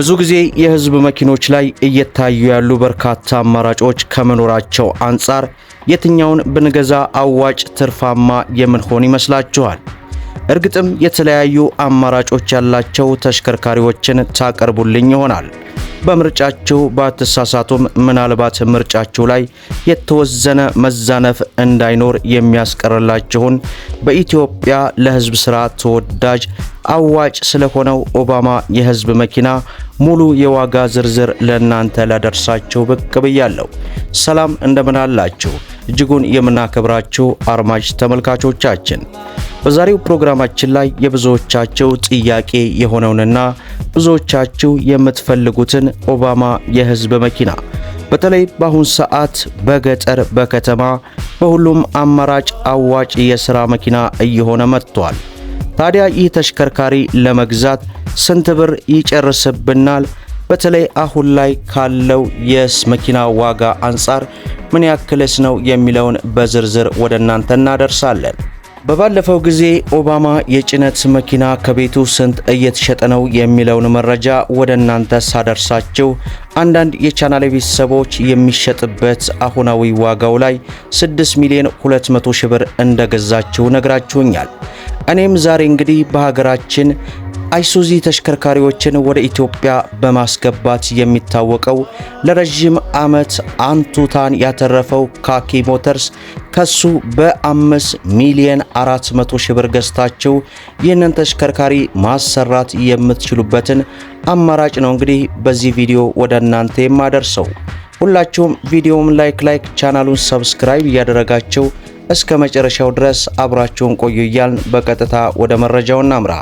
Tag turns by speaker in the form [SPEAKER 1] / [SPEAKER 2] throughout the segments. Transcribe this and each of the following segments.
[SPEAKER 1] ብዙ ጊዜ የህዝብ መኪኖች ላይ እየታዩ ያሉ በርካታ አማራጮች ከመኖራቸው አንጻር የትኛውን ብንገዛ አዋጭ ትርፋማ የምንሆን ይመስላችኋል? እርግጥም የተለያዩ አማራጮች ያላቸው ተሽከርካሪዎችን ታቀርቡልኝ ይሆናል። በምርጫችሁ ባትሳሳቱም ምናልባት ምርጫችሁ ላይ የተወዘነ መዛነፍ እንዳይኖር የሚያስቀርላችሁን በኢትዮጵያ ለሕዝብ ሥራ ተወዳጅ አዋጭ ስለሆነው ኦባማ የሕዝብ መኪና ሙሉ የዋጋ ዝርዝር ለእናንተ ላደርሳችሁ ብቅ ብያለሁ። ሰላም እንደምን አላችሁ? እጅጉን የምናከብራችሁ አድማጭ ተመልካቾቻችን በዛሬው ፕሮግራማችን ላይ የብዙዎቻቸው ጥያቄ የሆነውንና ብዙዎቻችሁ የምትፈልጉትን ኦባማ የህዝብ መኪና በተለይ በአሁን ሰዓት በገጠር በከተማ በሁሉም አማራጭ አዋጭ የሥራ መኪና እየሆነ መጥቷል። ታዲያ ይህ ተሽከርካሪ ለመግዛት ስንት ብር ይጨርስብናል? በተለይ አሁን ላይ ካለው የስ መኪና ዋጋ አንጻር ምን ያክልስ ነው የሚለውን በዝርዝር ወደ እናንተ እናደርሳለን። በባለፈው ጊዜ ኦባማ የጭነት መኪና ከቤቱ ስንት እየተሸጠ ነው የሚለውን መረጃ ወደ እናንተ ሳደርሳችሁ አንዳንድ የቻናል ቤተሰቦች የሚሸጥበት አሁናዊ ዋጋው ላይ 6 ሚሊዮን 200 ሺህ ብር እንደገዛችሁ ነግራችሁኛል። እኔም ዛሬ እንግዲህ በሀገራችን አይሱዚ ተሽከርካሪዎችን ወደ ኢትዮጵያ በማስገባት የሚታወቀው ለረዥም ዓመት አንቱታን ያተረፈው ካኪ ሞተርስ ከሱ በ5 ሚሊዮን 400 ሺህ ብር ገዝታችሁ ይህንን ተሽከርካሪ ማሰራት የምትችሉበትን አማራጭ ነው እንግዲህ በዚህ ቪዲዮ ወደ እናንተ የማደርሰው። ሁላችሁም ቪዲዮውን ላይክ ላይክ ቻናሉን ሰብስክራይብ እያደረጋችሁ እስከ መጨረሻው ድረስ አብራችሁን ቆዩ እያልን በቀጥታ ወደ መረጃው እናምራ።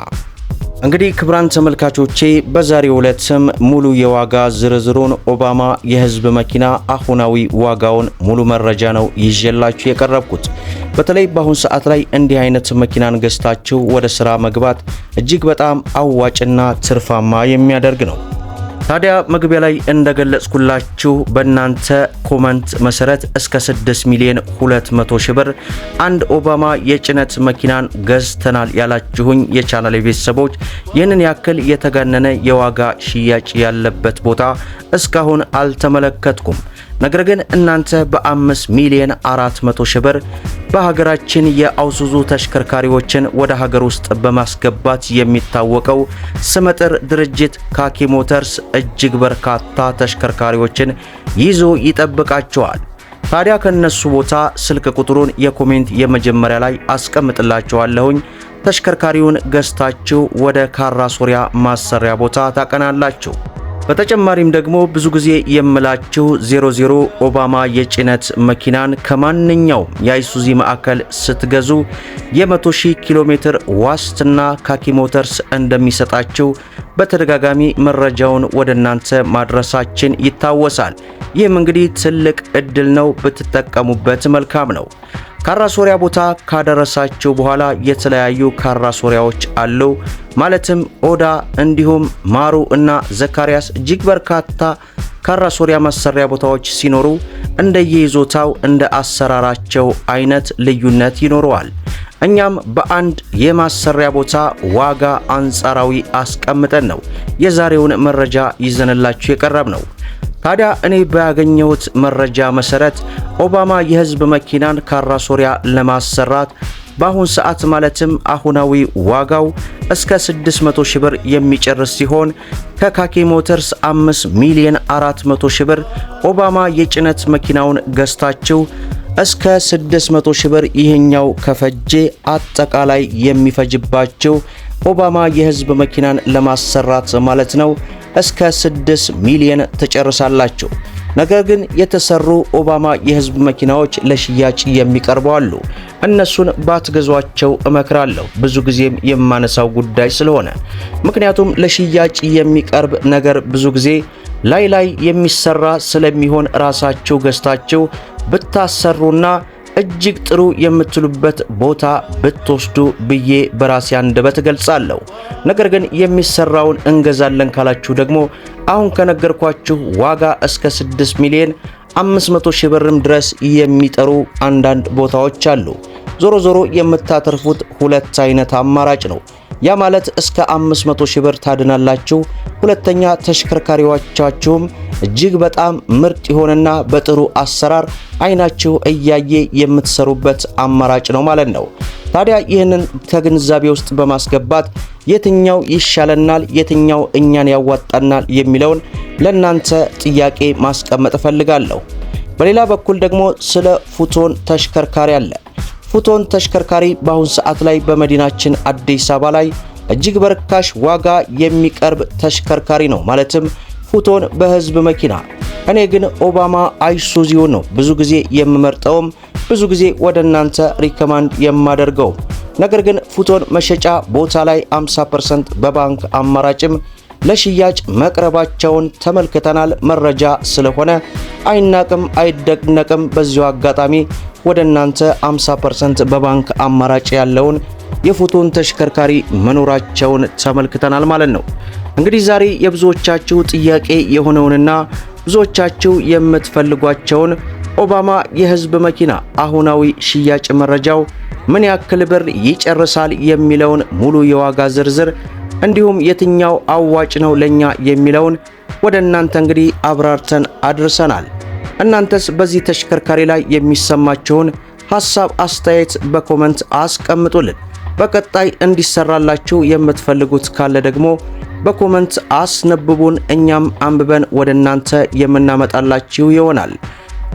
[SPEAKER 1] እንግዲህ ክቡራን ተመልካቾቼ በዛሬው ዕለትም ሙሉ የዋጋ ዝርዝሩን ኦባማ የህዝብ መኪና አሁናዊ ዋጋውን ሙሉ መረጃ ነው ይዤላችሁ የቀረብኩት። በተለይ በአሁን ሰዓት ላይ እንዲህ አይነት መኪናን ገዝታችሁ ወደ ስራ መግባት እጅግ በጣም አዋጭና ትርፋማ የሚያደርግ ነው። ታዲያ መግቢያ ላይ እንደገለጽኩላችሁ በእናንተ ኮመንት መሰረት እስከ 6 ሚሊዮን 200 ሺህ ብር አንድ ኦባማ የጭነት መኪናን ገዝተናል ያላችሁኝ የቻናል ቤተሰቦች ይህንን ያክል የተጋነነ የዋጋ ሽያጭ ያለበት ቦታ እስካሁን አልተመለከትኩም። ነገር ግን እናንተ በ5 ሚሊዮን 400 ሺህ ብር በሀገራችን የአውሱዙ ተሽከርካሪዎችን ወደ ሀገር ውስጥ በማስገባት የሚታወቀው ስመጥር ድርጅት ካኪ ሞተርስ እጅግ በርካታ ተሽከርካሪዎችን ይዞ ይጠብቃቸዋል። ታዲያ ከነሱ ቦታ ስልክ ቁጥሩን የኮሜንት የመጀመሪያ ላይ አስቀምጥላችኋለሁኝ። ተሽከርካሪውን ገዝታችሁ ወደ ካራ ሶሪያ ማሰሪያ ቦታ ታቀናላችሁ። በተጨማሪም ደግሞ ብዙ ጊዜ የምላችሁ 00 ኦባማ የጭነት መኪናን ከማንኛውም የአይሱዚ ማዕከል ስትገዙ የ100 ሺህ ኪሎ ሜትር ዋስትና ካኪ ሞተርስ እንደሚሰጣችሁ በተደጋጋሚ መረጃውን ወደ እናንተ ማድረሳችን ይታወሳል። ይህም እንግዲህ ትልቅ እድል ነው፣ ብትጠቀሙበት መልካም ነው። ካራ ሶሪያ ቦታ ካደረሳቸው በኋላ የተለያዩ ካራ ሶሪያዎች ማለትም ኦዳ እንዲሁም ማሩ እና ዘካሪያስ እጅግ በርካታ ካራ ሶሪያ ማሰሪያ ቦታዎች ሲኖሩ እንደየይዞታው እንደ አሰራራቸው አይነት ልዩነት ይኖረዋል። እኛም በአንድ የማሰሪያ ቦታ ዋጋ አንጻራዊ አስቀምጠን ነው የዛሬውን መረጃ ይዘንላችሁ የቀረብ ነው። ታዲያ እኔ ባገኘሁት መረጃ መሰረት ኦባማ የህዝብ መኪናን ካራ ሶሪያ ለማሰራት በአሁን ሰዓት ማለትም አሁናዊ ዋጋው እስከ 600 ሺህ ብር የሚጨርስ ሲሆን ከካኪ ሞተርስ 5 ሚሊዮን 400 ሺህ ብር ኦባማ የጭነት መኪናውን ገዝታችሁ እስከ 600 ሺህ ብር ይህኛው ከፈጄ አጠቃላይ የሚፈጅባቸው ኦባማ የህዝብ መኪናን ለማሰራት ማለት ነው እስከ 6 ሚሊዮን ትጨርሳላችሁ። ነገር ግን የተሰሩ ኦባማ የህዝብ መኪናዎች ለሽያጭ የሚቀርቡ አሉ። እነሱን ባትገዟቸው እመክራለሁ፣ ብዙ ጊዜም የማነሳው ጉዳይ ስለሆነ። ምክንያቱም ለሽያጭ የሚቀርብ ነገር ብዙ ጊዜ ላይ ላይ የሚሰራ ስለሚሆን ራሳችሁ ገዝታችሁ ብታሰሩና እጅግ ጥሩ የምትሉበት ቦታ ብትወስዱ ብዬ በራሴ አንደበት እገልጻለሁ። ነገር ግን የሚሰራውን እንገዛለን ካላችሁ ደግሞ አሁን ከነገርኳችሁ ዋጋ እስከ 6 ሚሊዮን 500 ሺህ ብርም ድረስ የሚጠሩ አንዳንድ ቦታዎች አሉ። ዞሮ ዞሮ የምታተርፉት ሁለት አይነት አማራጭ ነው። ያ ማለት እስከ 500 ሺህ ብር ታድናላችሁ። ሁለተኛ ተሽከርካሪዎቻችሁም እጅግ በጣም ምርጥ የሆነና በጥሩ አሰራር አይናችሁ እያየ የምትሰሩበት አማራጭ ነው ማለት ነው። ታዲያ ይህንን ከግንዛቤ ውስጥ በማስገባት የትኛው ይሻለናል፣ የትኛው እኛን ያዋጣናል የሚለውን ለእናንተ ጥያቄ ማስቀመጥ እፈልጋለሁ። በሌላ በኩል ደግሞ ስለ ፉቶን ተሽከርካሪ አለ። ፉቶን ተሽከርካሪ በአሁን ሰዓት ላይ በመዲናችን አዲስ አበባ ላይ እጅግ በርካሽ ዋጋ የሚቀርብ ተሽከርካሪ ነው። ማለትም ፉቶን በህዝብ መኪና። እኔ ግን ኦባማ አይሱዚውን ነው ብዙ ጊዜ የምመርጠውም ብዙ ጊዜ ወደ እናንተ ሪከማንድ የማደርገው። ነገር ግን ፉቶን መሸጫ ቦታ ላይ 50% በባንክ አማራጭም ለሽያጭ መቅረባቸውን ተመልክተናል። መረጃ ስለሆነ አይናቅም አይደነቅም። በዚሁ አጋጣሚ ወደ እናንተ 50% በባንክ አማራጭ ያለውን የፎቶን ተሽከርካሪ መኖራቸውን ተመልክተናል ማለት ነው። እንግዲህ ዛሬ የብዙዎቻችሁ ጥያቄ የሆነውንና ብዙዎቻችሁ የምትፈልጓቸውን ኦባማ የህዝብ መኪና አሁናዊ ሽያጭ መረጃው ምን ያክል ብር ይጨርሳል የሚለውን ሙሉ የዋጋ ዝርዝር እንዲሁም የትኛው አዋጭ ነው ለኛ የሚለውን ወደ እናንተ እንግዲህ አብራርተን አድርሰናል። እናንተስ በዚህ ተሽከርካሪ ላይ የሚሰማችሁን ሐሳብ፣ አስተያየት በኮመንት አስቀምጡልን። በቀጣይ እንዲሰራላችሁ የምትፈልጉት ካለ ደግሞ በኮመንት አስነብቡን። እኛም አንብበን ወደ እናንተ የምናመጣላችሁ ይሆናል።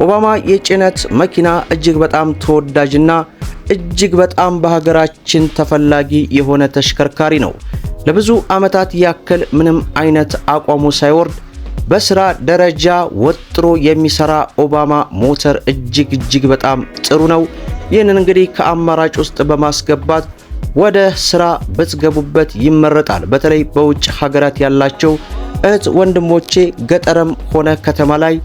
[SPEAKER 1] ኦባማ የጭነት መኪና እጅግ በጣም ተወዳጅና እጅግ በጣም በሀገራችን ተፈላጊ የሆነ ተሽከርካሪ ነው። ለብዙ ዓመታት ያክል ምንም አይነት አቋሙ ሳይወርድ በስራ ደረጃ ወጥሮ የሚሰራ ኦባማ ሞተር እጅግ እጅግ በጣም ጥሩ ነው። ይህንን እንግዲህ ከአማራጭ ውስጥ በማስገባት ወደ ስራ ብትገቡበት ይመረጣል። በተለይ በውጭ ሀገራት ያላቸው እህት ወንድሞቼ ገጠርም ሆነ ከተማ ላይ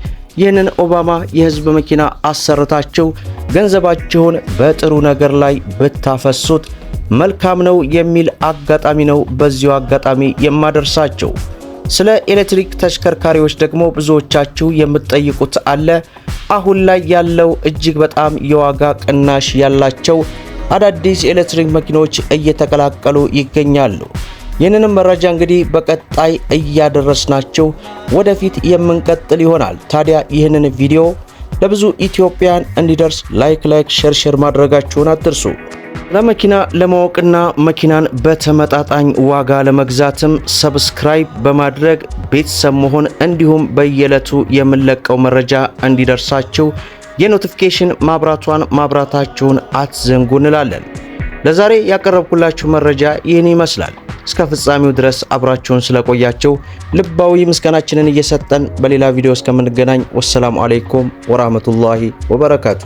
[SPEAKER 1] ይህንን ኦባማ የህዝብ መኪና አሰርታቸው ገንዘባቸውን በጥሩ ነገር ላይ ብታፈሱት መልካም ነው የሚል አጋጣሚ ነው በዚሁ አጋጣሚ የማደርሳቸው። ስለ ኤሌክትሪክ ተሽከርካሪዎች ደግሞ ብዙዎቻችሁ የምትጠይቁት አለ። አሁን ላይ ያለው እጅግ በጣም የዋጋ ቅናሽ ያላቸው አዳዲስ ኤሌክትሪክ መኪኖች እየተቀላቀሉ ይገኛሉ። ይህንንም መረጃ እንግዲህ በቀጣይ እያደረስናችሁ ወደፊት የምንቀጥል ይሆናል። ታዲያ ይህንን ቪዲዮ ለብዙ ኢትዮጵያን እንዲደርስ ላይክ ላይክ ሼር ሼር ማድረጋችሁን አትርሱ። ለመኪና ለማወቅና መኪናን በተመጣጣኝ ዋጋ ለመግዛትም ሰብስክራይብ በማድረግ ቤተሰብ መሆን እንዲሁም በየዕለቱ የምንለቀው መረጃ እንዲደርሳችሁ የኖቲፊኬሽን ማብራቷን ማብራታችሁን አትዘንጉ እንላለን። ለዛሬ ያቀረብኩላችሁ መረጃ ይህን ይመስላል። እስከ ፍጻሜው ድረስ አብራችሁን ስለቆያችሁ ልባዊ ምስጋናችንን እየሰጠን በሌላ ቪዲዮ እስከምንገናኝ ወሰላሙ አሌይኩም ወራህመቱላሂ ወበረካቱ።